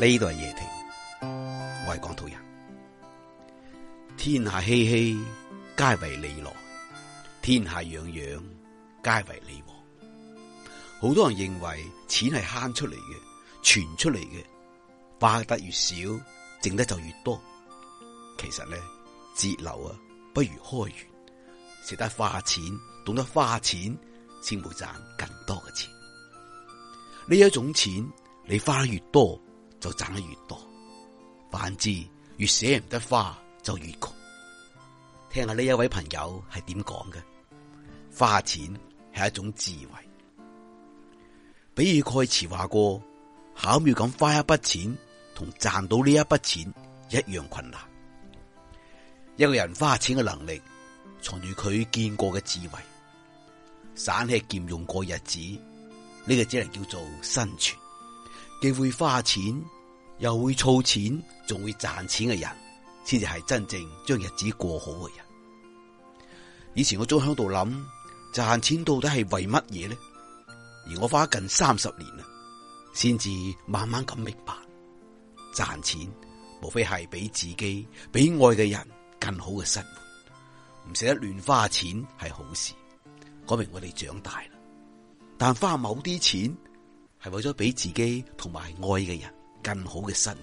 呢度係夜亭，我係廣土人。天下熙熙，皆為利來；天下攘攘，皆為利往。好多人認為錢係慳出嚟嘅，存出嚟嘅，花得越少，剩得就越多。其實咧，節流啊，不如開源。捨得花錢，懂得花錢，先會賺更多嘅錢。呢一種錢，你花得越多。就賺得越多，反之越捨唔得花就越窮。聽下呢一位朋友係點講嘅？花錢係一種智慧。比爾蓋茨話過，巧妙咁花一筆錢，同賺到呢一筆錢一樣困難。一個人花錢嘅能力，藏住佢見過嘅智慧。省吃儉用過日子，呢個只能叫做生存。既會花錢，又會儲錢，仲會賺錢嘅人，先至係真正將日子過好嘅人。以前我都喺度諗，賺錢到底係為乜嘢呢？而我花近三十年啦，先至慢慢咁明白，賺錢無非係俾自己、俾愛嘅人更好嘅生活。唔捨得亂花錢係好事，講明我哋長大啦。但花某啲錢係為咗俾自己同埋愛嘅人。更好嘅生活。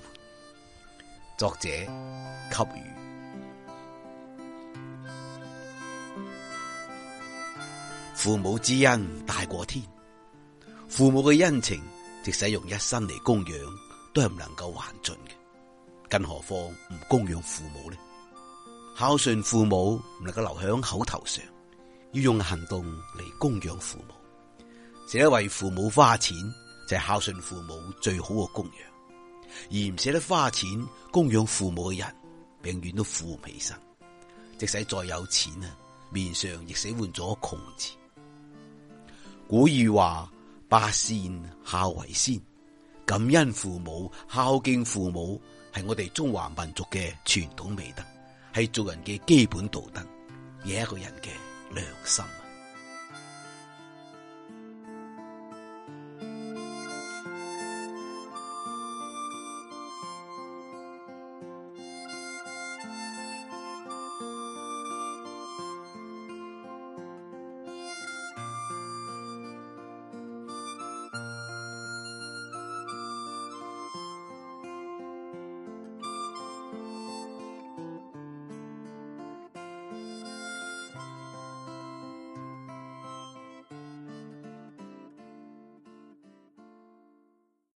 作者給予父母之恩大過天，父母嘅恩情，即使用一生嚟供養，都係唔能夠還盡嘅。更何況唔供養父母咧，孝順父母唔能夠留響口頭上，要用行動嚟供養父母。捨得為父母花錢，就係孝順父母最好嘅供養。而唔捨得花錢供養父母嘅人，永遠都富唔起身。即使再有錢啊，面上亦寫換咗窮字。古語話：百善孝為先，感恩父母、孝敬父母係我哋中華民族嘅傳統美德，係做人嘅基本道德，亦係一個人嘅良心。